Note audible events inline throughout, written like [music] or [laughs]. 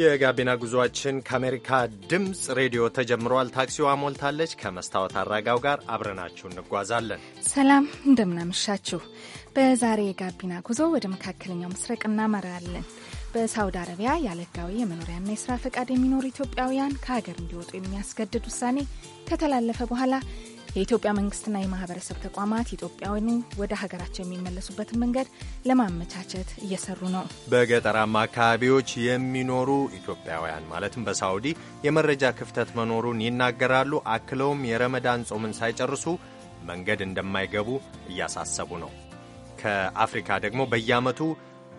የጋቢና ጉዞአችን ከአሜሪካ ድምፅ ሬዲዮ ተጀምሯል። ታክሲዋ ሞልታለች። ከመስታወት አራጋው ጋር አብረናችሁ እንጓዛለን። ሰላም እንደምናመሻችሁ። በዛሬ የጋቢና ጉዞ ወደ መካከለኛው ምስራቅ እናመራለን። በሳውዲ አረቢያ ያለ የመኖሪያና የስራ ፈቃድ የሚኖሩ ኢትዮጵያውያን ከሀገር እንዲወጡ የሚያስገድድ ውሳኔ ከተላለፈ በኋላ የኢትዮጵያ መንግስትና የማህበረሰብ ተቋማት ኢትዮጵያውያኑ ወደ ሀገራቸው የሚመለሱበትን መንገድ ለማመቻቸት እየሰሩ ነው። በገጠራማ አካባቢዎች የሚኖሩ ኢትዮጵያውያን ማለትም በሳውዲ የመረጃ ክፍተት መኖሩን ይናገራሉ። አክለውም የረመዳን ጾምን ሳይጨርሱ መንገድ እንደማይገቡ እያሳሰቡ ነው። ከአፍሪካ ደግሞ በየአመቱ።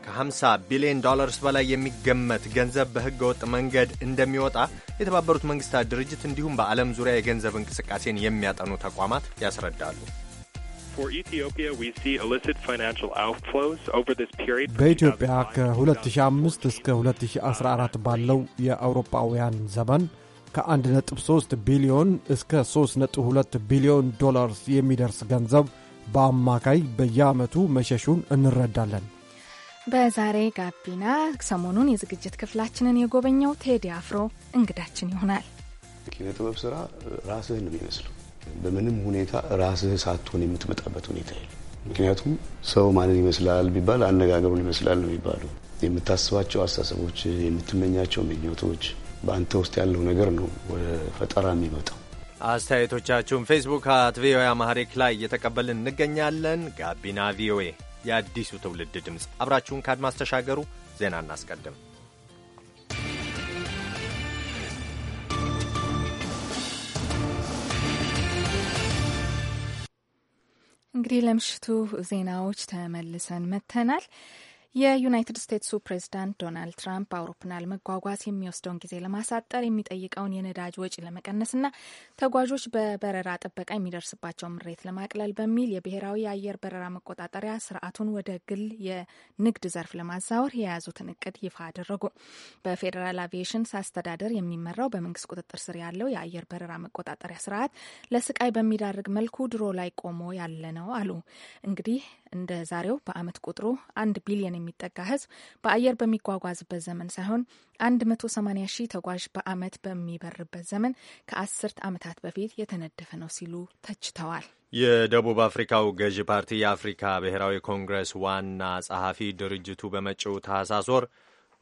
ከ50 ቢሊዮን ዶላርስ በላይ የሚገመት ገንዘብ በሕገ ወጥ መንገድ እንደሚወጣ የተባበሩት መንግስታት ድርጅት እንዲሁም በዓለም ዙሪያ የገንዘብ እንቅስቃሴን የሚያጠኑ ተቋማት ያስረዳሉ። በኢትዮጵያ ከ2005 እስከ 2014 ባለው የአውሮፓውያን ዘመን ከ1.3 ቢሊዮን እስከ 3.2 ቢሊዮን ዶላርስ የሚደርስ ገንዘብ በአማካይ በየዓመቱ መሸሹን እንረዳለን። በዛሬ ጋቢና ሰሞኑን የዝግጅት ክፍላችንን የጎበኘው ቴዲ አፍሮ እንግዳችን ይሆናል። ኪነ ጥበብ ስራ ራስህን ነው ይመስለው። በምንም ሁኔታ ራስህ ሳትሆን የምትመጣበት ሁኔታ የለ። ምክንያቱም ሰው ማንን ይመስላል ቢባል አነጋገሩን ይመስላል ነው የሚባሉ የምታስባቸው አስተሳሰቦች፣ የምትመኛቸው ምኞቶች፣ በአንተ ውስጥ ያለው ነገር ነው ወደ ፈጠራ የሚመጣው። አስተያየቶቻችሁን ፌስቡክ አት ቪኦኤ አማሪክ ላይ እየተቀበልን እንገኛለን። ጋቢና ቪኦኤ የአዲሱ ትውልድ ድምፅ። አብራችሁን ከአድማስ ተሻገሩ። ዜና እናስቀድም። እንግዲህ ለምሽቱ ዜናዎች ተመልሰን መጥተናል። የዩናይትድ ስቴትሱ ፕሬዚዳንት ዶናልድ ትራምፕ በአውሮፕላን መጓጓዝ የሚወስደውን ጊዜ ለማሳጠር የሚጠይቀውን የነዳጅ ወጪ ለመቀነስና ተጓዦች በበረራ ጥበቃ የሚደርስባቸውን ምሬት ለማቅለል በሚል የብሔራዊ የአየር በረራ መቆጣጠሪያ ስርዓቱን ወደ ግል የንግድ ዘርፍ ለማዛወር የያዙትን እቅድ ይፋ አደረጉ። በፌዴራል አቪዬሽን አስተዳደር የሚመራው በመንግስት ቁጥጥር ስር ያለው የአየር በረራ መቆጣጠሪያ ስርዓት ለስቃይ በሚዳርግ መልኩ ድሮ ላይ ቆሞ ያለ ነው አሉ። እንግዲህ እንደ ዛሬው በአመት ቁጥሩ አንድ ቢሊዮን የሚጠጋ ህዝብ በአየር በሚጓጓዝበት ዘመን ሳይሆን 180 ሺህ ተጓዥ በዓመት በሚበርበት ዘመን ከአስርት ዓመታት በፊት የተነደፈ ነው ሲሉ ተችተዋል። የደቡብ አፍሪካው ገዢ ፓርቲ የአፍሪካ ብሔራዊ ኮንግረስ ዋና ጸሐፊ ድርጅቱ በመጪው ታህሳስ ወር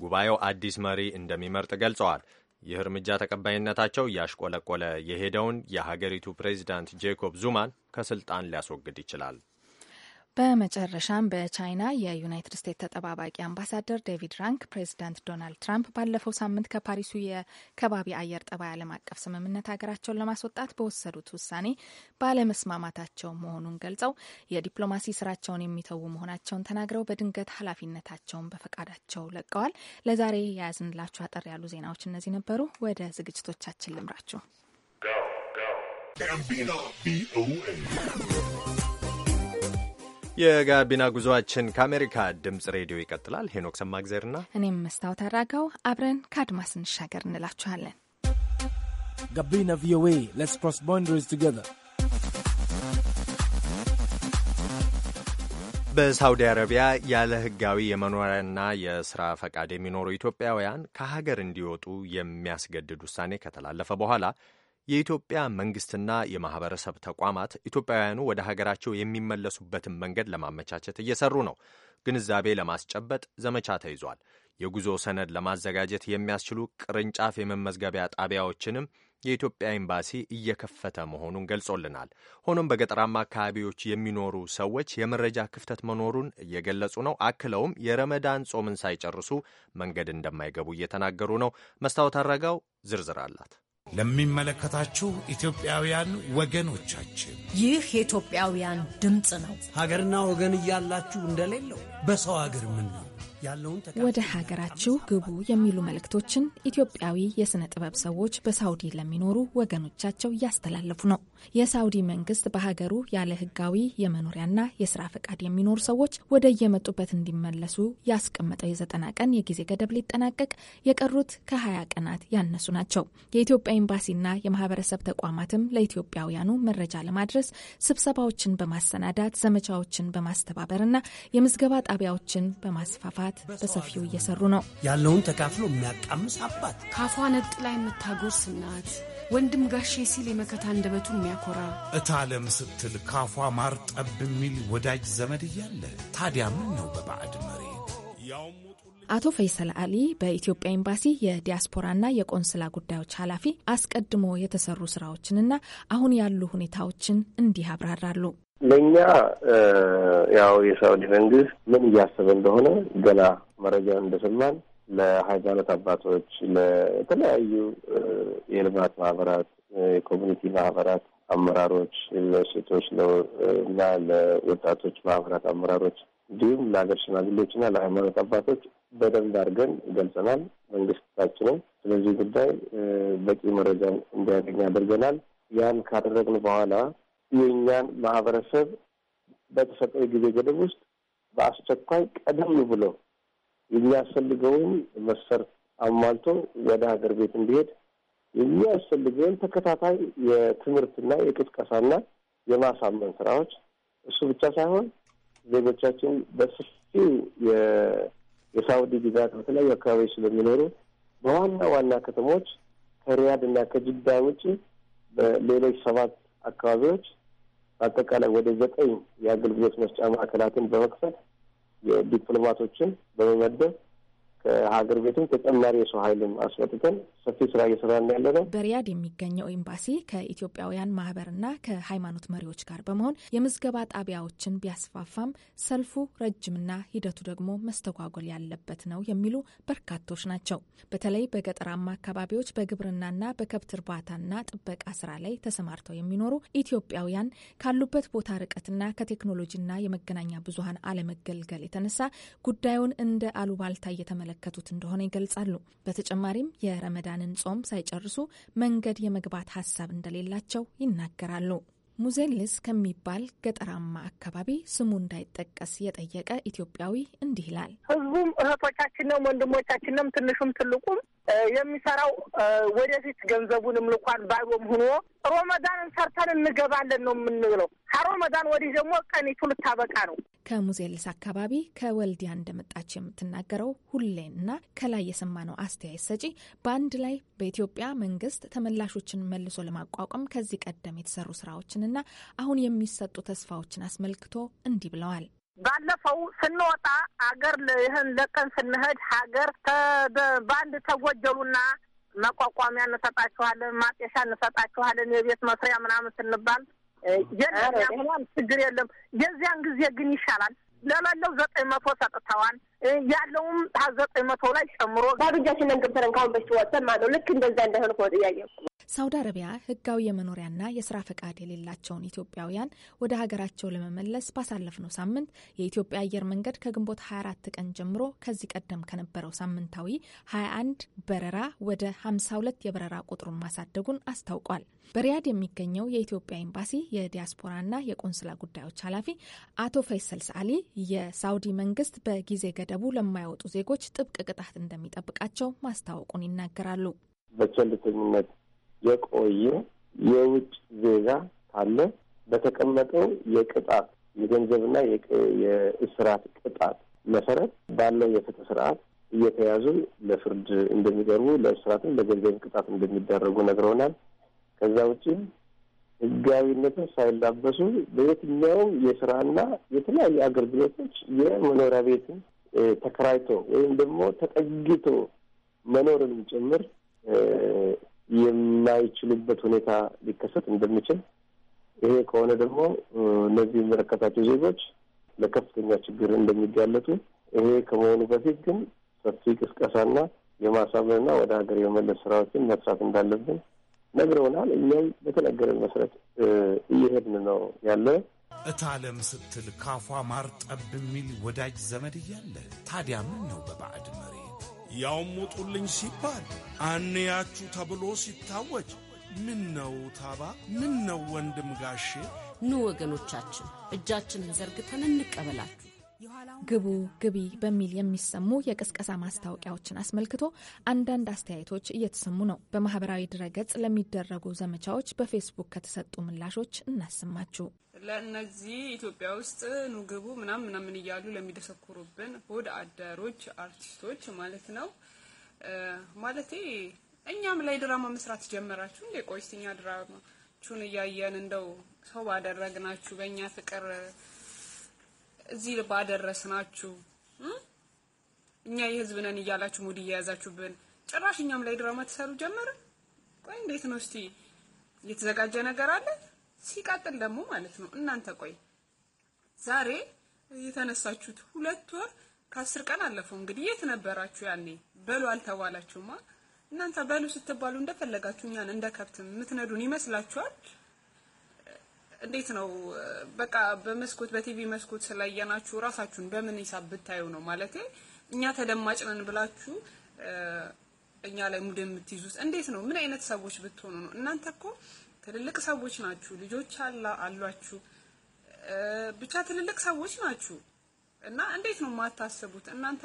ጉባኤው አዲስ መሪ እንደሚመርጥ ገልጸዋል። ይህ እርምጃ ተቀባይነታቸው እያሽቆለቆለ የሄደውን የሀገሪቱ ፕሬዚዳንት ጄኮብ ዙማን ከስልጣን ሊያስወግድ ይችላል። በመጨረሻም በቻይና የዩናይትድ ስቴትስ ተጠባባቂ አምባሳደር ዴቪድ ራንክ ፕሬዚዳንት ዶናልድ ትራምፕ ባለፈው ሳምንት ከፓሪሱ የከባቢ አየር ጠባይ ዓለም አቀፍ ስምምነት ሀገራቸውን ለማስወጣት በወሰዱት ውሳኔ ባለመስማማታቸው መሆኑን ገልጸው የዲፕሎማሲ ስራቸውን የሚተዉ መሆናቸውን ተናግረው በድንገት ኃላፊነታቸውን በፈቃዳቸው ለቀዋል። ለዛሬ የያዝንላችሁ አጠር ያሉ ዜናዎች እነዚህ ነበሩ። ወደ ዝግጅቶቻችን ልምራችሁ። የጋቢና ጉዞአችን ከአሜሪካ ድምጽ ሬዲዮ ይቀጥላል። ሄኖክ ሰማግዜርና እኔም መስታወት አድራገው አብረን ከአድማስ እንሻገር እንላችኋለን። ጋቢና ቪኦኤ ሌትስ ክሮስ ቦንደሪስ ቱጌዘር በሳውዲ አረቢያ ያለ ህጋዊ የመኖሪያና የስራ ፈቃድ የሚኖሩ ኢትዮጵያውያን ከሀገር እንዲወጡ የሚያስገድድ ውሳኔ ከተላለፈ በኋላ የኢትዮጵያ መንግስትና የማህበረሰብ ተቋማት ኢትዮጵያውያኑ ወደ ሀገራቸው የሚመለሱበትን መንገድ ለማመቻቸት እየሰሩ ነው። ግንዛቤ ለማስጨበጥ ዘመቻ ተይዟል። የጉዞ ሰነድ ለማዘጋጀት የሚያስችሉ ቅርንጫፍ የመመዝገቢያ ጣቢያዎችንም የኢትዮጵያ ኤምባሲ እየከፈተ መሆኑን ገልጾልናል። ሆኖም በገጠራማ አካባቢዎች የሚኖሩ ሰዎች የመረጃ ክፍተት መኖሩን እየገለጹ ነው። አክለውም የረመዳን ጾምን ሳይጨርሱ መንገድ እንደማይገቡ እየተናገሩ ነው። መስታወት አረጋው ዝርዝር አላት። ለሚመለከታችሁ ኢትዮጵያውያን ወገኖቻችን ይህ የኢትዮጵያውያን ድምፅ ነው። ሀገርና ወገን እያላችሁ እንደሌለው በሰው ምን ነው ወደ ሀገራችሁ ግቡ የሚሉ መልእክቶችን ኢትዮጵያዊ የሥነ ጥበብ ሰዎች በሳውዲ ለሚኖሩ ወገኖቻቸው እያስተላለፉ ነው። የሳውዲ መንግስት በሀገሩ ያለ ህጋዊ የመኖሪያና የስራ ፈቃድ የሚኖሩ ሰዎች ወደ የመጡበት እንዲመለሱ ያስቀመጠው የዘጠና ቀን የጊዜ ገደብ ሊጠናቀቅ የቀሩት ከሀያ ቀናት ያነሱ ናቸው። የኢትዮጵያ ኤምባሲና የማህበረሰብ ተቋማትም ለኢትዮጵያውያኑ መረጃ ለማድረስ ስብሰባዎችን በማሰናዳት ዘመቻዎችን በማስተባበርና የምዝገባ ጣቢያዎችን በማስፋፋት በሰፊው እየሰሩ ነው። ያለውን ተካፍሎ የሚያቃምስ አባት፣ ካፏ ነጥ ላይ የምታጎርስ እናት፣ ወንድም ጋሼ ሲል የመከታ እንደበቱ የሚያኮራ እታለም ስትል ካፏ ማር ጠብ የሚል ወዳጅ ዘመድ እያለ ታዲያ ምን ነው በባዕድ መሬት አቶ ፈይሰል አሊ በኢትዮጵያ ኤምባሲ የዲያስፖራና የቆንስላ ጉዳዮች ኃላፊ አስቀድሞ የተሰሩ ስራዎችንና አሁን ያሉ ሁኔታዎችን እንዲህ አብራራሉ። ለእኛ ያው የሳውዲ መንግስት ምን እያሰበ እንደሆነ ገና መረጃውን እንደሰማን ለሃይማኖት አባቶች፣ ለተለያዩ የልማት ማህበራት፣ የኮሚኒቲ ማህበራት አመራሮች፣ ለሴቶች እና ለወጣቶች ማህበራት አመራሮች እንዲሁም ለሀገር ሽማግሌዎች እና ለሃይማኖት አባቶች በደንብ አድርገን ገልጸናል። መንግስታችንም ስለዚህ ጉዳይ በቂ መረጃ እንዲያገኝ አድርገናል። ያን ካደረግን በኋላ የእኛን ማህበረሰብ በተሰጠው ጊዜ ገደብ ውስጥ በአስቸኳይ ቀደም ብሎ የሚያስፈልገውን መሰር አሟልቶ ወደ ሀገር ቤት እንዲሄድ የሚያስፈልገውን ተከታታይ የትምህርትና የቅስቀሳና የማሳመን ስራዎች እሱ ብቻ ሳይሆን ዜጎቻችን በሰፊው የሳውዲ ግዛት በተለያዩ አካባቢዎች ስለሚኖሩ በዋና ዋና ከተሞች ከሪያድ እና ከጅዳ ውጭ በሌሎች ሰባት አካባቢዎች በአጠቃላይ ወደ ዘጠኝ የአገልግሎት መስጫ ማዕከላትን በመክፈት የዲፕሎማቶችን በመመደብ ከሀገር ቤትም ተጨማሪ የሰው ኃይልም አስመጥተን ሰፊ ስራ እየሰራ ያለ ነው። በሪያድ የሚገኘው ኤምባሲ ከኢትዮጵያውያን ማህበርና ከሃይማኖት መሪዎች ጋር በመሆን የምዝገባ ጣቢያዎችን ቢያስፋፋም ሰልፉ ረጅምና ሂደቱ ደግሞ መስተጓጎል ያለበት ነው የሚሉ በርካቶች ናቸው። በተለይ በገጠራማ አካባቢዎች በግብርናና በከብት እርባታና ጥበቃ ስራ ላይ ተሰማርተው የሚኖሩ ኢትዮጵያውያን ካሉበት ቦታ ርቀትና ከቴክኖሎጂና የመገናኛ ብዙሀን አለመገልገል የተነሳ ጉዳዩን እንደ አሉባልታ እየተመለ እየተመለከቱት እንደሆነ ይገልጻሉ። በተጨማሪም የረመዳንን ጾም ሳይጨርሱ መንገድ የመግባት ሀሳብ እንደሌላቸው ይናገራሉ። ሙዜልስ ከሚባል ገጠራማ አካባቢ ስሙ እንዳይጠቀስ የጠየቀ ኢትዮጵያዊ እንዲህ ይላል። ህዝቡም እህቶቻችንም ወንድሞቻችንም ትንሹም ትልቁም የሚሰራው ወደፊት ገንዘቡንም ልኳን ባዶም ሆኖ ሮመዳንን ሰርተን እንገባለን ነው የምንብለው። ከሮመዳን ወዲህ ደግሞ ቀኒቱ ልታበቃ ነው። ከሙዜልስ አካባቢ ከወልዲያ እንደመጣች የምትናገረው ሁሌና ከላይ የሰማነው አስተያየት ሰጪ በአንድ ላይ በኢትዮጵያ መንግስት ተመላሾችን መልሶ ለማቋቋም ከዚህ ቀደም የተሰሩ ስራዎችንና አሁን የሚሰጡ ተስፋዎችን አስመልክቶ እንዲህ ብለዋል። ባለፈው ስንወጣ አገር ይህን ለቀን ስንሄድ ሀገር በአንድ ተጎጀሉና መቋቋሚያ እንሰጣችኋለን፣ ማጤሻ እንሰጣችኋለን፣ የቤት መስሪያ ምናምን ስንባል የለም ችግር የለም። የዚያን ጊዜ ግን ይሻላል ለሌለው ዘጠኝ መቶ ሰጥተዋል። ያለውም ዘጠኝ መቶ ላይ ጨምሮ ባዶጃችን ነን ካሁን በፊት ወጥተን ማለት ነው። ልክ እንደዛ እንዳይሆን ከሆነ ጥያቄ ሳውዲ አረቢያ ህጋዊ የመኖሪያና የስራ ፈቃድ የሌላቸውን ኢትዮጵያውያን ወደ ሀገራቸው ለመመለስ ባሳለፍነው ሳምንት የኢትዮጵያ አየር መንገድ ከግንቦት 24 ቀን ጀምሮ ከዚህ ቀደም ከነበረው ሳምንታዊ 21 በረራ ወደ 52 የበረራ ቁጥሩን ማሳደጉን አስታውቋል። በሪያድ የሚገኘው የኢትዮጵያ ኤምባሲ የዲያስፖራና የቆንስላ ጉዳዮች ኃላፊ አቶ ፈይሰል ሰአሊ የሳውዲ መንግስት በጊዜ ገደቡ ለማይወጡ ዜጎች ጥብቅ ቅጣት እንደሚጠብቃቸው ማስታወቁን ይናገራሉ። በቸልተኝነት የቆየ የውጭ ዜጋ ካለ በተቀመጠው የቅጣት የገንዘብና የእስራት ቅጣት መሰረት ባለው የፍትህ ስርዓት እየተያዙ ለፍርድ እንደሚቀርቡ ለእስራትም ለገንዘብ ቅጣት እንደሚደረጉ ነግረውናል። ከዛ ውጪ ህጋዊነትን ሳይላበሱ በየትኛውም የስራና የተለያዩ አገልግሎቶች የመኖሪያ ቤትን ተከራይቶ ወይም ደግሞ ተጠግቶ መኖርንም ጭምር የማይችሉበት ሁኔታ ሊከሰት እንደሚችል ይሄ ከሆነ ደግሞ እነዚህ የሚመለከታቸው ዜጎች ለከፍተኛ ችግር እንደሚጋለጡ ይሄ ከመሆኑ በፊት ግን ሰፊ ቅስቀሳና የማሳመንና ወደ ሀገር የመለስ ስራዎችን መስራት እንዳለብን ነግረውናል። እኛም በተነገረን መሰረት እየሄድን ነው ያለ እታለም ስትል ካፏ ማር ጠብ የሚል ወዳጅ ዘመድ እያለ ታዲያ ምን ነው በባዕድ መሬት ያውም ውጡልኝ ሲባል አንያችሁ ተብሎ ሲታወጅ ምን ነው ታባ ምን ነው ወንድም ጋሼ ኑ ወገኖቻችን እጃችንን ዘርግተን እንቀበላችሁ ግቡ ግቢ በሚል የሚሰሙ የቅስቀሳ ማስታወቂያዎችን አስመልክቶ አንዳንድ አስተያየቶች እየተሰሙ ነው። በማህበራዊ ድረገጽ ለሚደረጉ ዘመቻዎች በፌስቡክ ከተሰጡ ምላሾች እናሰማችሁ። ለእነዚህ ኢትዮጵያ ውስጥ ኑ ግቡ ምናምን ምናምን እያሉ ለሚደሰኩሩብን ሆድ አደሮች አርቲስቶች ማለት ነው ማለቴ እኛም ላይ ድራማ መስራት ጀመራችሁ እንዴ? ቆይስተኛ ድራማችሁን እያየን እንደው ሰው ባደረግናችሁ በእኛ ፍቅር እዚህ ባደረስናችሁ እኛ የህዝብ ነን እያላችሁ ሙድ እየያዛችሁብን ጭራሽ እኛም ላይ ድራማ ትሰሩ ጀመር። ቆይ እንዴት ነው እስቲ የተዘጋጀ ነገር አለ? ሲቀጥል ደግሞ ማለት ነው እናንተ ቆይ ዛሬ የተነሳችሁት ሁለት ወር ከአስር ቀን አለፈው። እንግዲህ የት ነበራችሁ ያኔ? በሉ አልተባላችሁማ እናንተ። በሉ ስትባሉ እንደፈለጋችሁ እኛን እንደ ከብት የምትነዱን ይመስላችኋል። እንዴት ነው በቃ በመስኮት በቲቪ መስኮት ስላየናችሁ ራሳችሁን በምን ሂሳብ ብታዩ ነው ማለት እኛ ተደማጭ ነን ብላችሁ እኛ ላይ ሙድ የምትይዙት እንዴት ነው? ምን አይነት ሰዎች ብትሆኑ ነው? እናንተ እኮ ትልልቅ ሰዎች ናችሁ፣ ልጆች አላ አሏችሁ፣ ብቻ ትልልቅ ሰዎች ናችሁ። እና እንዴት ነው የማታስቡት እናንተ?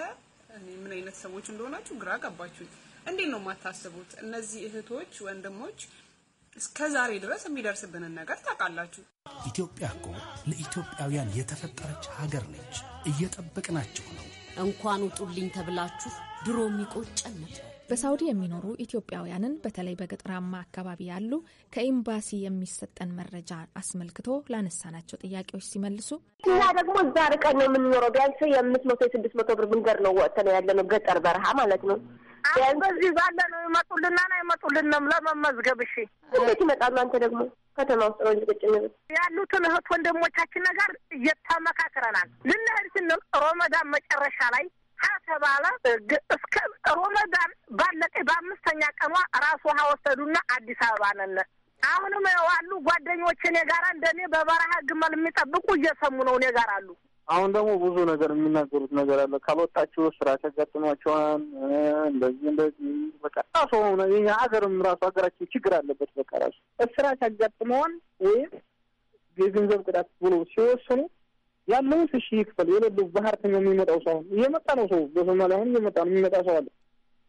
እኔ ምን አይነት ሰዎች እንደሆናችሁ ግራ ገባችሁኝ። እንዴት ነው የማታስቡት? እነዚህ እህቶች ወንድሞች እስከ ዛሬ ድረስ የሚደርስብንን ነገር ታውቃላችሁ። ኢትዮጵያ እኮ ለኢትዮጵያውያን የተፈጠረች ሀገር ነች። እየጠበቅናችሁ ነው። እንኳን ውጡልኝ ተብላችሁ ድሮ የሚቆጨን ነበር። በሳውዲ የሚኖሩ ኢትዮጵያውያንን በተለይ በገጠራማ አካባቢ ያሉ ከኤምባሲ የሚሰጠን መረጃ አስመልክቶ ላነሳናቸው ጥያቄዎች ሲመልሱ እኛ ደግሞ እዛ ርቀን ነው የምንኖረው። ቢያንስ የአምስት መቶ የስድስት መቶ ብር ብንገር ነው ወጥተን ያለ ነው ገጠር በረሃ ማለት ነው። በዚህ ባለ ነው ይመጡልና ና ይመጡልንም ለመመዝገብ እሺ፣ እንዴት ይመጣሉ? አንተ ደግሞ ከተማ ውስጥ ነው ጭቅጭ ያሉትን እህት ወንድሞቻችን ነገር እየተመካክረናል። ልንሄድ ስንል ሮመዳን መጨረሻ ላይ ከተባለ ተጠቀሟ ራሱ ውሃ ወሰዱና አዲስ አበባ ነን። አሁንም ዋሉ ጓደኞች እኔ ጋራ እንደኔ በበረሃ ግመል የሚጠብቁ እየሰሙ ነው። እኔ ጋር አሉ። አሁን ደግሞ ብዙ ነገር የሚናገሩት ነገር አለ። ካልወጣችሁ ስራ ያጋጥሟቸዋል። እንደዚህ እንደዚህ በቃ ራሱ የኛ ሀገርም ራሱ ሀገራችን ችግር አለበት። በቃ ራሱ ስራ ያጋጥመዋል ወይም የገንዘብ ቅጣት ብሎ ሲወስኑ ያለውን ስሺ ይክፈል የሌሉ ባህርተኛው የሚመጣው ሰው አሁን እየመጣ ነው። ሰው በሶማሊያ አሁን እየመጣ ነው። የሚመጣ ሰው አለ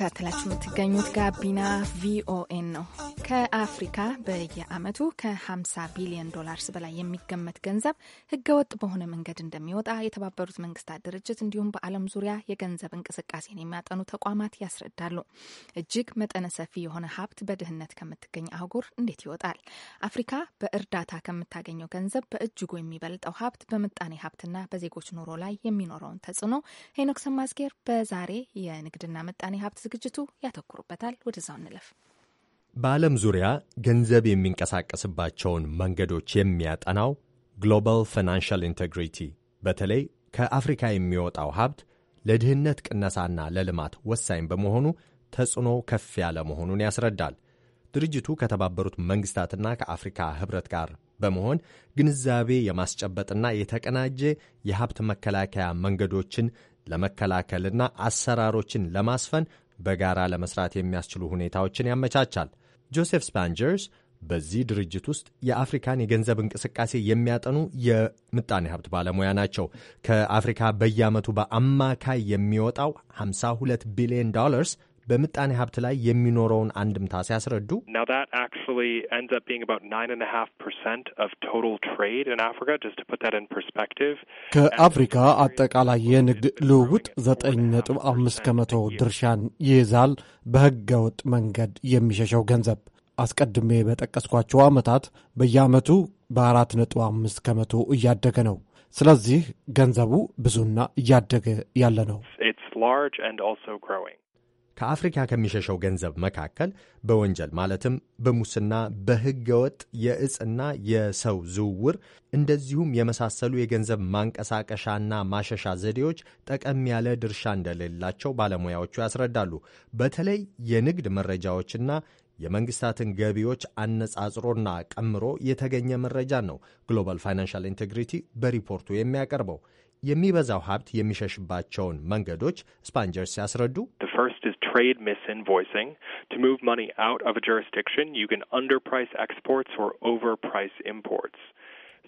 እየተከታተላችሁ የምትገኙት ጋቢና ቪኦኤ ከአፍሪካ በየአመቱ ከ50 ቢሊዮን ዶላርስ በላይ የሚገመት ገንዘብ ህገወጥ በሆነ መንገድ እንደሚወጣ የተባበሩት መንግስታት ድርጅት እንዲሁም በዓለም ዙሪያ የገንዘብ እንቅስቃሴን የሚያጠኑ ተቋማት ያስረዳሉ። እጅግ መጠነ ሰፊ የሆነ ሀብት በድህነት ከምትገኝ አህጉር እንዴት ይወጣል? አፍሪካ በእርዳታ ከምታገኘው ገንዘብ በእጅጉ የሚበልጠው ሀብት በምጣኔ ሀብትና በዜጎች ኑሮ ላይ የሚኖረውን ተጽዕኖ ሄኖክ ሰማዝጌር በዛሬ የንግድና ምጣኔ ሀብት ዝግጅቱ ያተኩሩበታል። ወደዛው እንለፍ። በዓለም ዙሪያ ገንዘብ የሚንቀሳቀስባቸውን መንገዶች የሚያጠናው ግሎባል ፋይናንሻል ኢንቴግሪቲ በተለይ ከአፍሪካ የሚወጣው ሀብት ለድህነት ቅነሳና ለልማት ወሳኝ በመሆኑ ተጽዕኖ ከፍ ያለ መሆኑን ያስረዳል። ድርጅቱ ከተባበሩት መንግስታትና ከአፍሪካ ህብረት ጋር በመሆን ግንዛቤ የማስጨበጥና የተቀናጀ የሀብት መከላከያ መንገዶችን ለመከላከልና አሰራሮችን ለማስፈን በጋራ ለመስራት የሚያስችሉ ሁኔታዎችን ያመቻቻል። ጆሴፍ ስፓንጀርስ በዚህ ድርጅት ውስጥ የአፍሪካን የገንዘብ እንቅስቃሴ የሚያጠኑ የምጣኔ ሀብት ባለሙያ ናቸው። ከአፍሪካ በየዓመቱ በአማካይ የሚወጣው 52 ቢሊዮን ዶላርስ በምጣኔ ሀብት ላይ የሚኖረውን አንድምታ ሲያስረዱ ከአፍሪካ አጠቃላይ የንግድ ልውውጥ ዘጠኝ ነጥብ አምስት ከመቶ ድርሻን ይይዛል በህገወጥ መንገድ የሚሸሸው ገንዘብ አስቀድሜ በጠቀስኳቸው ዓመታት በየዓመቱ በአራት ነጥብ አምስት ከመቶ እያደገ ነው። ስለዚህ ገንዘቡ ብዙና እያደገ ያለ ነው። ከአፍሪካ ከሚሸሸው ገንዘብ መካከል በወንጀል ማለትም በሙስና በህገወጥ የእጽና የሰው ዝውውር እንደዚሁም የመሳሰሉ የገንዘብ ማንቀሳቀሻና ማሸሻ ዘዴዎች ጠቀም ያለ ድርሻ እንደሌላቸው ባለሙያዎቹ ያስረዳሉ። በተለይ የንግድ መረጃዎችና የመንግስታትን ገቢዎች አነጻጽሮና ቀምሮ የተገኘ መረጃ ነው ግሎባል ፋይናንሻል ኢንቴግሪቲ በሪፖርቱ የሚያቀርበው። የሚበዛው ሀብት የሚሸሽባቸውን መንገዶች ስፓንጀርስ ሲያስረዱ trade misinvoicing. To move money out of a jurisdiction, you can underprice exports or overprice imports.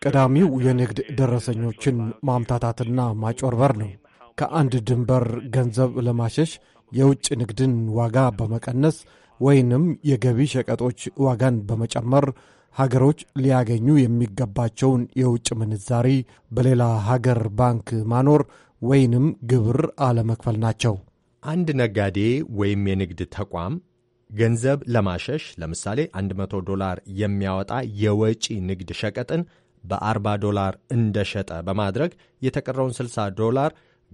ቀዳሚው የንግድ ደረሰኞችን ማምታታትና ማጭበርበር ነው። ከአንድ ድንበር ገንዘብ ለማሸሽ የውጭ ንግድን ዋጋ በመቀነስ ወይንም የገቢ ሸቀጦች ዋጋን በመጨመር ሀገሮች ሊያገኙ የሚገባቸውን የውጭ ምንዛሪ በሌላ ሀገር ባንክ ማኖር ወይንም ግብር አለመክፈል ናቸው። አንድ ነጋዴ ወይም የንግድ ተቋም ገንዘብ ለማሸሽ ለምሳሌ 100 ዶላር የሚያወጣ የወጪ ንግድ ሸቀጥን በ40 ዶላር እንደሸጠ በማድረግ የተቀረውን 60 ዶላር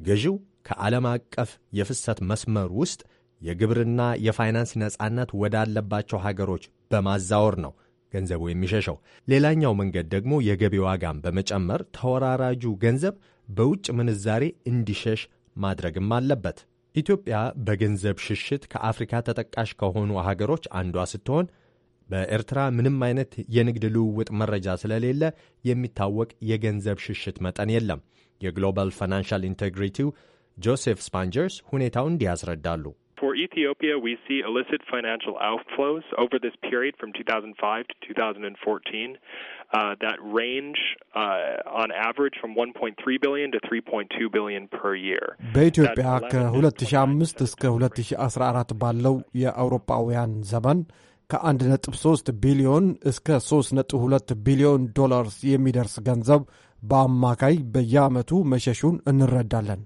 ገዢው ከዓለም አቀፍ የፍሰት መስመር ውስጥ የግብርና የፋይናንስ ነጻነት ወዳለባቸው ሀገሮች በማዛወር ነው ገንዘቡ የሚሸሸው። ሌላኛው መንገድ ደግሞ የገቢ ዋጋን በመጨመር ተወራራጁ ገንዘብ በውጭ ምንዛሬ እንዲሸሽ ማድረግም አለበት። ኢትዮጵያ በገንዘብ ሽሽት ከአፍሪካ ተጠቃሽ ከሆኑ ሀገሮች አንዷ ስትሆን በኤርትራ ምንም አይነት የንግድ ልውውጥ መረጃ ስለሌለ የሚታወቅ የገንዘብ ሽሽት መጠን የለም። የግሎባል ፋይናንሻል ኢንቴግሪቲው ጆሴፍ ስፓንጀርስ ሁኔታውን እንዲህ ያስረዳሉ። For Ethiopia, we see illicit financial outflows over this period from 2005 to 2014 uh, that range uh, on average from 1.3 billion to 3.2 billion per year. በኢትዮጵያ ከ2005 እስከ 2014 ባለው የአውሮፓውያን ዘመን ከ1.3 ቢሊዮን እስከ 3.2 ቢሊዮን ዶላርስ የሚደርስ ገንዘብ በአማካይ በየዓመቱ መሸሹን እንረዳለን።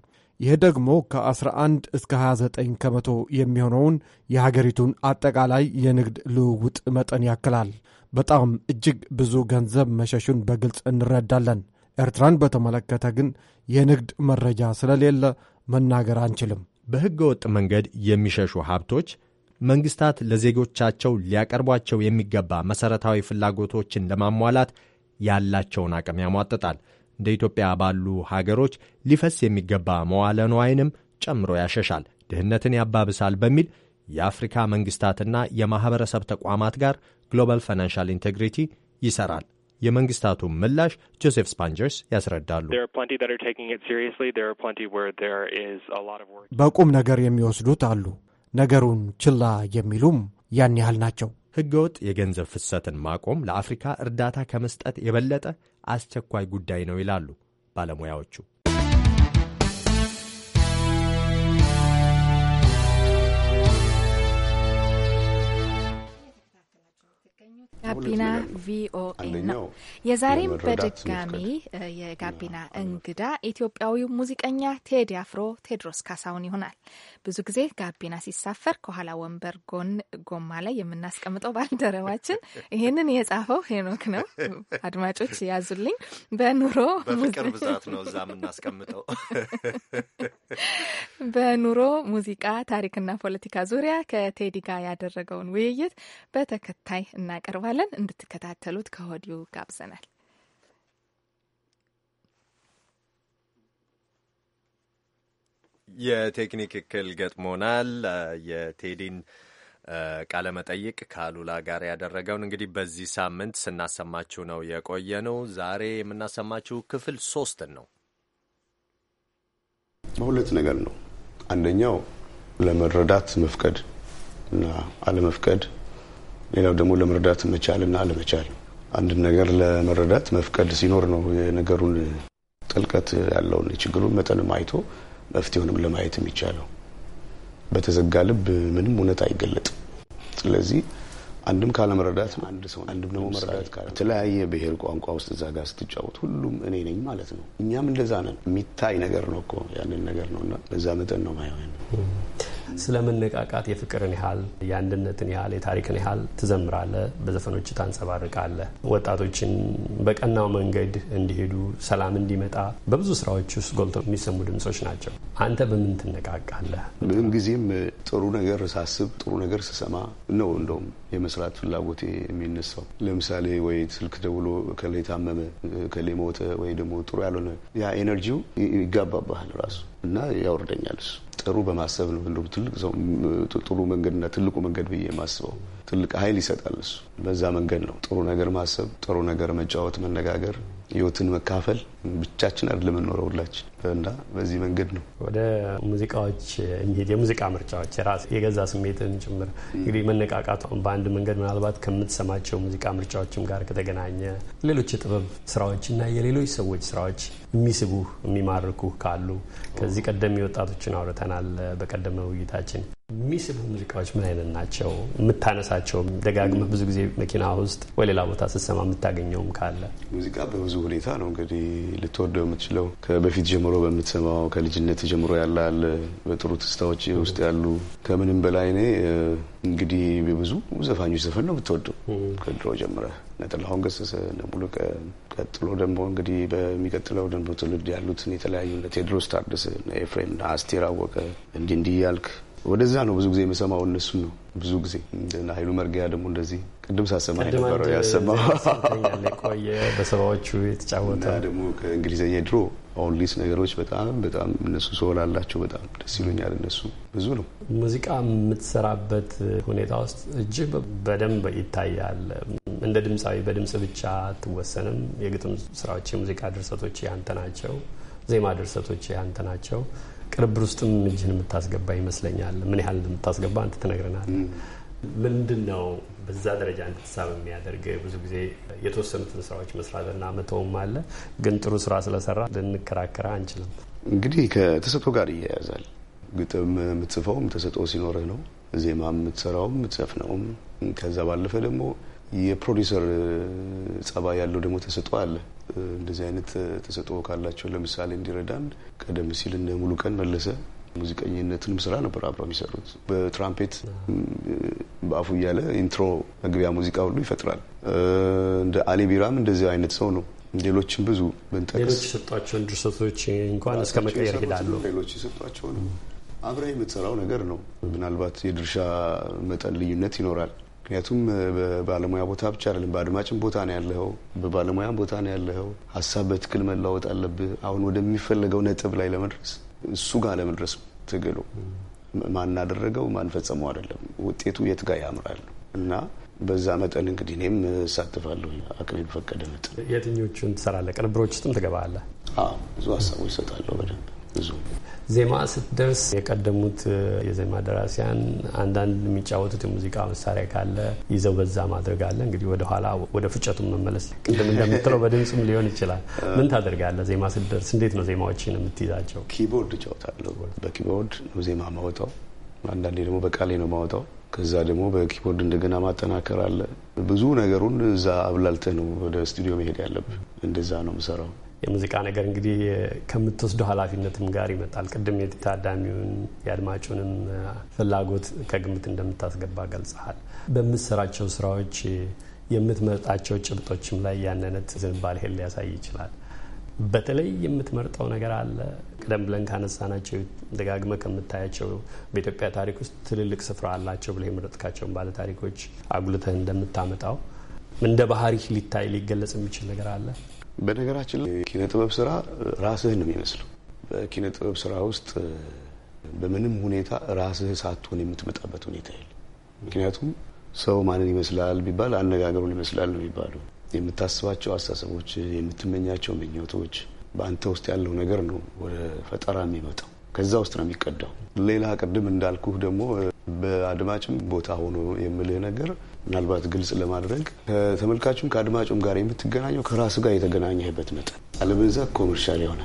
ይህ ደግሞ ከ11 እስከ 29 ከመቶ የሚሆነውን የሀገሪቱን አጠቃላይ የንግድ ልውውጥ መጠን ያክላል። በጣም እጅግ ብዙ ገንዘብ መሸሹን በግልጽ እንረዳለን። ኤርትራን በተመለከተ ግን የንግድ መረጃ ስለሌለ መናገር አንችልም። በሕገ ወጥ መንገድ የሚሸሹ ሀብቶች መንግሥታት ለዜጎቻቸው ሊያቀርቧቸው የሚገባ መሠረታዊ ፍላጎቶችን ለማሟላት ያላቸውን አቅም ያሟጥጣል። እንደ ኢትዮጵያ ባሉ ሀገሮች ሊፈስ የሚገባ መዋለ ንዋይንም ጨምሮ ያሸሻል፣ ድህነትን ያባብሳል በሚል የአፍሪካ መንግሥታትና የማኅበረሰብ ተቋማት ጋር ግሎባል ፋይናንሻል ኢንቴግሪቲ ይሠራል። የመንግስታቱ ምላሽ ጆሴፍ ስፓንጀርስ ያስረዳሉ። በቁም ነገር የሚወስዱት አሉ፣ ነገሩን ችላ የሚሉም ያን ያህል ናቸው። ሕገወጥ የገንዘብ ፍሰትን ማቆም ለአፍሪካ እርዳታ ከመስጠት የበለጠ አስቸኳይ ጉዳይ ነው ይላሉ ባለሙያዎቹ። ጋቢና ቪኦኤ ነው። የዛሬም በድጋሚ የጋቢና እንግዳ ኢትዮጵያዊ ሙዚቀኛ ቴዲ አፍሮ ቴድሮስ ካሳሁን ይሆናል። ብዙ ጊዜ ጋቢና ሲሳፈር ከኋላ ወንበር ጎን ጎማ ላይ የምናስቀምጠው ባልደረባችን [laughs] ይህንን የጻፈው ሄኖክ ነው። አድማጮች ያዙልኝ። በኑሮ በፍቅር ብዛት ነው እዛ የምናስቀምጠው። [laughs] በኑሮ ሙዚቃ፣ ታሪክና ፖለቲካ ዙሪያ ከቴዲ ጋር ያደረገውን ውይይት በተከታይ እናቀርባለን። እንድትከታተሉት ከወዲሁ ጋብዘናል። የቴክኒክ እክል ገጥሞናል። የቴዲን ቃለ መጠይቅ ከአሉላ ጋር ያደረገውን እንግዲህ በዚህ ሳምንት ስናሰማችሁ ነው የቆየ ነው። ዛሬ የምናሰማችሁ ክፍል ሶስትን ነው። በሁለት ነገር ነው። አንደኛው ለመረዳት መፍቀድ እና አለመፍቀድ፣ ሌላው ደግሞ ለመረዳት መቻል እና አለመቻል። አንድን ነገር ለመረዳት መፍቀድ ሲኖር ነው የነገሩን ጥልቀት ያለውን የችግሩን መጠንም አይቶ መፍትሄውንም ለማየት የሚቻለው። በተዘጋ ልብ ምንም እውነት አይገለጥም። ስለዚህ አንድም ካለመረዳት አንድ ሰው አንድም ደግሞ መረዳት ካለ የተለያየ ብሔር ቋንቋ ውስጥ እዛ ጋር ስትጫወት ሁሉም እኔ ነኝ ማለት ነው። እኛም እንደዛ ነን። የሚታይ ነገር ነው እኮ ያንን ነገር ነው እና በዛ መጠን ነው ማየው ስለ መነቃቃት የፍቅርን ያህል የአንድነትን ያህል የታሪክን ያህል ትዘምራለ በዘፈኖች ታንጸባርቃለ ወጣቶችን በቀናው መንገድ እንዲሄዱ ሰላም እንዲመጣ በብዙ ስራዎች ውስጥ ጎልቶ የሚሰሙ ድምጾች ናቸው። አንተ በምን ትነቃቃለ? ምን ጊዜም ጥሩ ነገር ሳስብ፣ ጥሩ ነገር ስሰማ ነው እንደውም የመስራት ፍላጎቴ የሚነሳው። ለምሳሌ ወይ ስልክ ደውሎ ከላይ ታመመ፣ ከላይ ሞተ፣ ወይ ደግሞ ጥሩ ያልሆነ ያ ኤነርጂው ይጋባባሃል ራሱ እና ያወርደኛል። ጥሩ በማሰብ ነው ትልቅ ሰው ጥሩ መንገድና ትልቁ መንገድ ብዬ የማስበው ትልቅ ኃይል ይሰጣል። እሱ በዛ መንገድ ነው ጥሩ ነገር ማሰብ፣ ጥሩ ነገር መጫወት፣ መነጋገር፣ ህይወትን መካፈል ብቻችን አይደለም የምንኖረው ሁላችን እና በዚህ መንገድ ነው ወደ ሙዚቃዎች እንሄድ። የሙዚቃ ምርጫዎች ራስ የገዛ ስሜትን ጭምር እንግዲህ መነቃቃቱ በአንድ መንገድ ምናልባት ከምትሰማቸው ሙዚቃ ምርጫዎችም ጋር ከተገናኘ ሌሎች የጥበብ ስራዎች እና የሌሎች ሰዎች ስራዎች የሚስቡ የሚማርኩ ካሉ ከዚህ ቀደም የወጣቶችን አውርተናል በቀደመ ውይይታችን የሚስቡ ሙዚቃዎች ምን አይነት ናቸው? የምታነሳቸው ደጋግመህ ብዙ ጊዜ መኪና ውስጥ ወይ ሌላ ቦታ ስትሰማ የምታገኘውም ካለ ሙዚቃ በብዙ ሁኔታ ነው እንግዲህ ልትወደው የምትችለው በፊት ጀምሮ በምትሰማው ከልጅነት ጀምሮ ያላል በጥሩ ትስታዎች ውስጥ ያሉ ከምንም በላይ እኔ እንግዲህ ብዙ ዘፋኞች ዘፈን ነው የምትወደው ከድሮ ጀምረ ነጥላሁን ገሰሰ ነሙሉ ቀጥሎ ደግሞ እንግዲህ በሚቀጥለው ደግሞ ትውልድ ያሉትን የተለያዩ ቴድሮስ ቴዎድሮስ ታደሰ ኤፍሬም አስቴር አወቀ እንዲህ እንዲህ ያልክ ወደዛ ነው ብዙ ጊዜ የምሰማው እነሱን ነው ብዙ ጊዜ ሀይሉ መርጊያ ደግሞ እንደዚህ ቅድም ሳሰማ የነበረው ያሰማው ቆየ በሰባዎቹ የተጫወተ ደግሞ ከእንግሊዝኛ ድሮ ኦንሊስ ነገሮች በጣም በጣም እነሱ ሰው ላላቸው በጣም ደስ ይሉኛል። እነሱ ብዙ ነው። ሙዚቃ የምትሰራበት ሁኔታ ውስጥ እጅግ በደንብ ይታያል። እንደ ድምፃዊ በድምፅ ብቻ አትወሰንም። የግጥም ስራዎች፣ የሙዚቃ ድርሰቶች ያንተ ናቸው። ዜማ ድርሰቶች ያንተ ናቸው። ቅርብር ውስጥም እጅህን የምታስገባ ይመስለኛል። ምን ያህል እንደምታስገባ አንተ ትነግረናል። ምንድን ነው በዛ ደረጃ እንድትሳብ የሚያደርግ ብዙ ጊዜ የተወሰኑትን ስራዎች መስራትና መተውም አለ። ግን ጥሩ ስራ ስለሰራ ልንከራከር አንችልም። እንግዲህ ከተሰጦ ጋር እያያዛል። ግጥም የምትጽፈውም ተሰጦ ሲኖርህ ነው። ዜማ የምትሰራውም የምትዘፍነውም። ከዛ ባለፈ ደግሞ የፕሮዲሰር ጸባይ ያለው ደግሞ ተሰጦ አለ። እንደዚህ አይነት ተሰጦ ካላቸው ለምሳሌ እንዲረዳን ቀደም ሲል እነ ሙሉ ቀን መለሰ ሙዚቀኝነትንም ስራ ነበር አብረው የሚሰሩት። በትራምፔት በአፉ እያለ ኢንትሮ መግቢያ ሙዚቃ ሁሉ ይፈጥራል። እንደ አሊ ቢራም እንደዚህ አይነት ሰው ነው። ሌሎችም ብዙ ብንጠቅስ ሌሎች የሰጧቸውን ድርሰቶች እንኳን እስከ መቀየር ይሄዳሉ። ሌሎች ነው። አብረህ የምትሰራው ነገር ነው። ምናልባት የድርሻ መጠን ልዩነት ይኖራል። ምክንያቱም በባለሙያ ቦታ ብቻ አይደለም፣ በአድማጭም ቦታ ነው ያለኸው፣ በባለሙያም ቦታ ነው ያለኸው። ሀሳብ በትክክል መለዋወጥ አለብህ። አሁን ወደሚፈለገው ነጥብ ላይ ለመድረስ እሱ ጋር ለመድረስ ትግሉ ማናደረገው ማንፈጸመው አይደለም። ውጤቱ የት ጋር ያምራል እና በዛ መጠን እንግዲህ እኔም እሳትፋለሁ አቅሜ በፈቀደ መጠን። የትኞቹን ትሰራለህ? ቅንብሮች ውስጥም ትገባለህ? ብዙ ሀሳቦች እሰጣለሁ። በደንብ ብዙ ዜማ ስትደርስ የቀደሙት የዜማ ደራሲያን አንዳንድ የሚጫወቱት የሙዚቃ መሳሪያ ካለ ይዘው በዛ ማድረግ አለ። እንግዲህ ወደኋላ ወደ ፍጨቱ መመለስ ቅድም እንደምትለው በድምፅም ሊሆን ይችላል። ምን ታደርጋለህ? ዜማ ስትደርስ እንዴት ነው ዜማዎችን የምትይዛቸው? ኪቦርድ እጫወታለሁ። በኪቦርድ ነው ዜማ ማወጣው። አንዳንዴ ደግሞ በቃሌ ነው ማወጣው። ከዛ ደግሞ በኪቦርድ እንደገና ማጠናከር አለ። ብዙ ነገሩን እዛ አብላልተህ ነው ወደ ስቱዲዮ መሄድ ያለብህ። እንደዛ ነው ምሰራው። የሙዚቃ ነገር እንግዲህ ከምትወስደው ኃላፊነትም ጋር ይመጣል። ቅድም የታዳሚውን የአድማጩንም ፍላጎት ከግምት እንደምታስገባ ገልጸሃል። በምትሰራቸው ስራዎች የምትመርጣቸው ጭብጦችም ላይ ያንነት ዝንባሌህን ሊያሳይ ይችላል። በተለይ የምትመርጠው ነገር አለ? ቀደም ብለን ካነሳናቸው ደጋግመ ከምታያቸው በኢትዮጵያ ታሪክ ውስጥ ትልልቅ ስፍራ አላቸው ብለህ የመረጥካቸውን ባለ ታሪኮች አጉልተህ እንደምታመጣው እንደ ባህሪህ ሊታይ ሊገለጽ የሚችል ነገር አለ? በነገራችን ላይ ኪነ ጥበብ ስራ ራስህ ነው የሚመስለው። በኪነ ጥበብ ስራ ውስጥ በምንም ሁኔታ ራስህ ሳትሆን የምትመጣበት ሁኔታ የለም። ምክንያቱም ሰው ማንን ይመስላል ቢባል አነጋገሩን ይመስላል ነው የሚባለው። የምታስባቸው አስተሳሰቦች፣ የምትመኛቸው ምኞቶች፣ በአንተ ውስጥ ያለው ነገር ነው ወደ ፈጠራ የሚመጣው። ከዛ ውስጥ ነው የሚቀዳው። ሌላ ቅድም እንዳልኩህ ደግሞ በአድማጭም ቦታ ሆኖ የምልህ ነገር ምናልባት ግልጽ ለማድረግ ከተመልካቹም ከአድማጩም ጋር የምትገናኘው ከራስ ጋር የተገናኘህበት መጠን አለበዛ ኮመርሻል የሆነ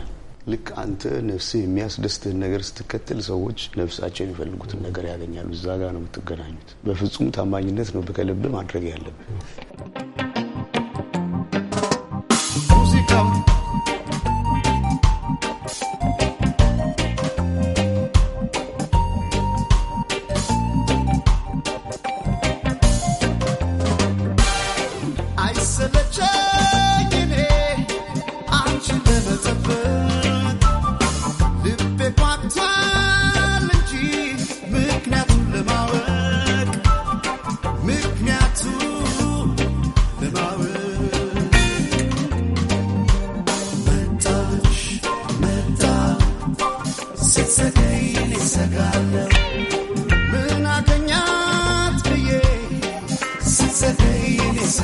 ልክ አንተ ነፍስህ የሚያስደስትህን ነገር ስትከተል ሰዎች ነፍሳቸውን የፈልጉትን ነገር ያገኛሉ። እዛ ጋር ነው የምትገናኙት። በፍጹም ታማኝነት ነው በከልብ ማድረግ ያለብህ።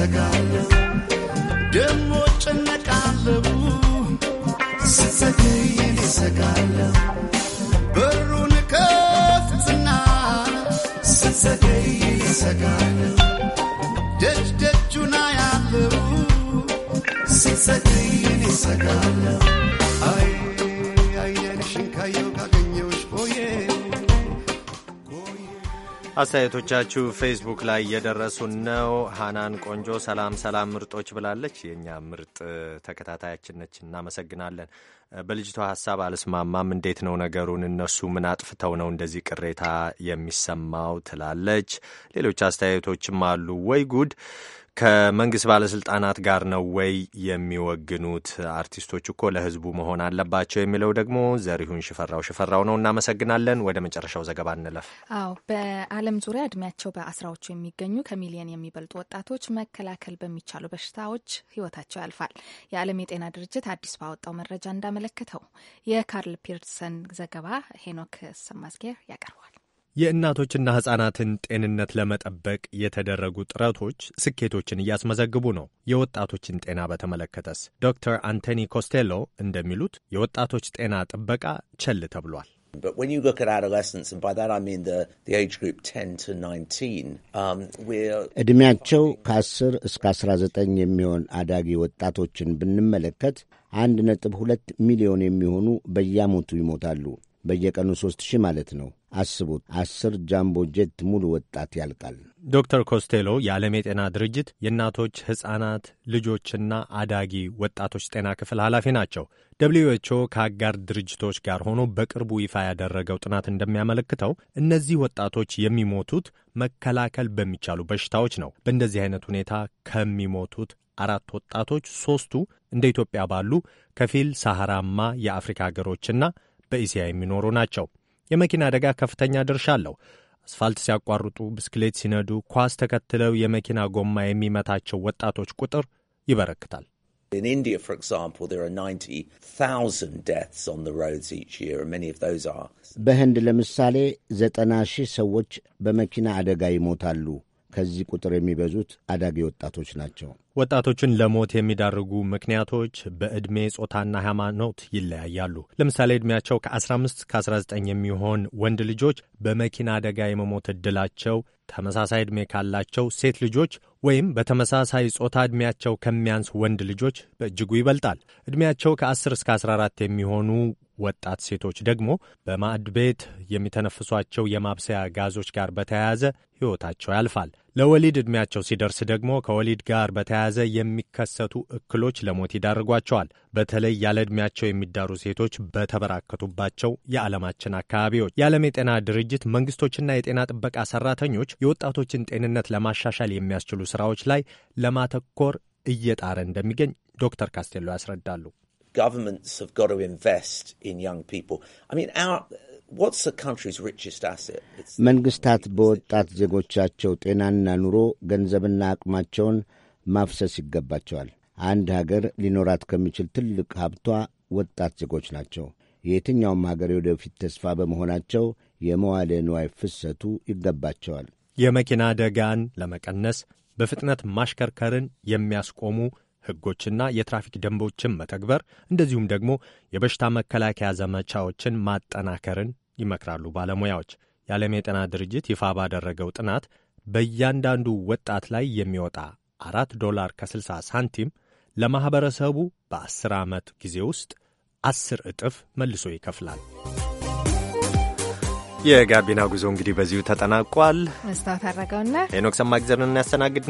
እሰጋለሁ ደሞ ጨነቃለሁ ስትዘገይን እሰጋለሁ በሩን ከፍትና ስትዘገይ እሰጋለሁ ደጅ ደጁና ያለው ስትዘገይን እሰጋለሁ አስተያየቶቻችሁ ፌስቡክ ላይ እየደረሱን ነው። ሀናን ቆንጆ ሰላም ሰላም ምርጦች ብላለች። የእኛ ምርጥ ተከታታያችን ነች፣ እናመሰግናለን። በልጅቷ ሀሳብ አልስማማም። እንዴት ነው ነገሩን? እነሱ ምን አጥፍተው ነው እንደዚህ ቅሬታ የሚሰማው? ትላለች። ሌሎች አስተያየቶችም አሉ። ወይ ጉድ ከመንግስት ባለስልጣናት ጋር ነው ወይ የሚወግኑት? አርቲስቶች እኮ ለህዝቡ መሆን አለባቸው የሚለው ደግሞ ዘሪሁን ሽፈራው ሽፈራው ነው። እናመሰግናለን። ወደ መጨረሻው ዘገባ እንለፍ። አዎ፣ በዓለም ዙሪያ እድሜያቸው በአስራዎቹ የሚገኙ ከሚሊየን የሚበልጡ ወጣቶች መከላከል በሚቻሉ በሽታዎች ህይወታቸው ያልፋል። የዓለም የጤና ድርጅት አዲስ ባወጣው መረጃ እንዳመለከተው የካርል ፒርሰን ዘገባ ሄኖክ ሰማዝጌር ያቀርባል። የእናቶችና ሕፃናትን ጤንነት ለመጠበቅ የተደረጉ ጥረቶች ስኬቶችን እያስመዘግቡ ነው። የወጣቶችን ጤና በተመለከተስ ዶክተር አንቶኒ ኮስቴሎ እንደሚሉት የወጣቶች ጤና ጥበቃ ቸል ተብሏል። ዕድሜያቸው um, ከ10 እስከ 19 የሚሆን አዳጊ ወጣቶችን ብንመለከት 1.2 ሚሊዮን የሚሆኑ በየዓመቱ ይሞታሉ። በየቀኑ 3 ሺህ ማለት ነው። አስቡት አስር ጃምቦ ጄት ሙሉ ወጣት ያልቃል። ዶክተር ኮስቴሎ የዓለም የጤና ድርጅት የእናቶች ሕፃናት፣ ልጆችና አዳጊ ወጣቶች ጤና ክፍል ኃላፊ ናቸው። ደብልዩ ኤች ኦ ከአጋር ድርጅቶች ጋር ሆኖ በቅርቡ ይፋ ያደረገው ጥናት እንደሚያመለክተው እነዚህ ወጣቶች የሚሞቱት መከላከል በሚቻሉ በሽታዎች ነው። በእንደዚህ አይነት ሁኔታ ከሚሞቱት አራት ወጣቶች ሦስቱ እንደ ኢትዮጵያ ባሉ ከፊል ሳሐራማ የአፍሪካ ሀገሮችና በእስያ የሚኖሩ ናቸው። የመኪና አደጋ ከፍተኛ ድርሻ አለው። አስፋልት ሲያቋርጡ፣ ብስክሌት ሲነዱ፣ ኳስ ተከትለው የመኪና ጎማ የሚመታቸው ወጣቶች ቁጥር ይበረክታል። በህንድ ለምሳሌ ዘጠና ሺህ ሰዎች በመኪና አደጋ ይሞታሉ። ከዚህ ቁጥር የሚበዙት አዳጊ ወጣቶች ናቸው። ወጣቶችን ለሞት የሚዳርጉ ምክንያቶች በዕድሜ ጾታና ሃይማኖት ይለያያሉ። ለምሳሌ ዕድሜያቸው ከ15 ከ19 የሚሆን ወንድ ልጆች በመኪና አደጋ የመሞት ዕድላቸው ተመሳሳይ ዕድሜ ካላቸው ሴት ልጆች ወይም በተመሳሳይ ጾታ ዕድሜያቸው ከሚያንስ ወንድ ልጆች በእጅጉ ይበልጣል። ዕድሜያቸው ከ10 እስከ 14 የሚሆኑ ወጣት ሴቶች ደግሞ በማዕድ ቤት የሚተነፍሷቸው የማብሰያ ጋዞች ጋር በተያያዘ ሕይወታቸው ያልፋል። ለወሊድ ዕድሜያቸው ሲደርስ ደግሞ ከወሊድ ጋር በተያያዘ የሚከሰቱ እክሎች ለሞት ይዳርጓቸዋል። በተለይ ያለ ዕድሜያቸው የሚዳሩ ሴቶች በተበራከቱባቸው የዓለማችን አካባቢዎች የዓለም የጤና ድርጅት መንግስቶችና የጤና ጥበቃ ሰራተኞች የወጣቶችን ጤንነት ለማሻሻል የሚያስችሉ ስራዎች ላይ ለማተኮር እየጣረ እንደሚገኝ ዶክተር ካስቴሎ ያስረዳሉ። governments have got to invest in young people. I mean, our, መንግሥታት በወጣት ዜጎቻቸው ጤናና ኑሮ ገንዘብና አቅማቸውን ማፍሰስ ይገባቸዋል። አንድ ሀገር ሊኖራት ከሚችል ትልቅ ሀብቷ ወጣት ዜጎች ናቸው። የየትኛውም ሀገር የወደፊት ተስፋ በመሆናቸው የመዋለ ንዋይ ፍሰቱ ይገባቸዋል። የመኪና አደጋን ለመቀነስ በፍጥነት ማሽከርከርን የሚያስቆሙ ሕጎችና የትራፊክ ደንቦችን መተግበር እንደዚሁም ደግሞ የበሽታ መከላከያ ዘመቻዎችን ማጠናከርን ይመክራሉ ባለሙያዎች። የዓለም የጤና ድርጅት ይፋ ባደረገው ጥናት በእያንዳንዱ ወጣት ላይ የሚወጣ አራት ዶላር ከ60 ሳንቲም ለማኅበረሰቡ በአስር ዓመት ጊዜ ውስጥ አስር እጥፍ መልሶ ይከፍላል። የጋቢና ጉዞ እንግዲህ በዚሁ ተጠናቋል። መስታወት አረገውና ሄኖክ ሰማግዘርን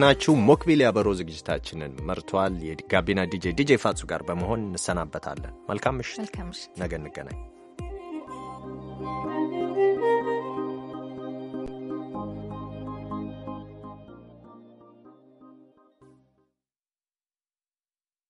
ናችሁ። ሞክቢል ያበሮ ዝግጅታችንን መርቷል። የጋቢና ዲጄ ዲጄ ፋጹ ጋር በመሆን እንሰናበታለን። መልካም ምሽት። ነገ እንገናኝ። Thank you.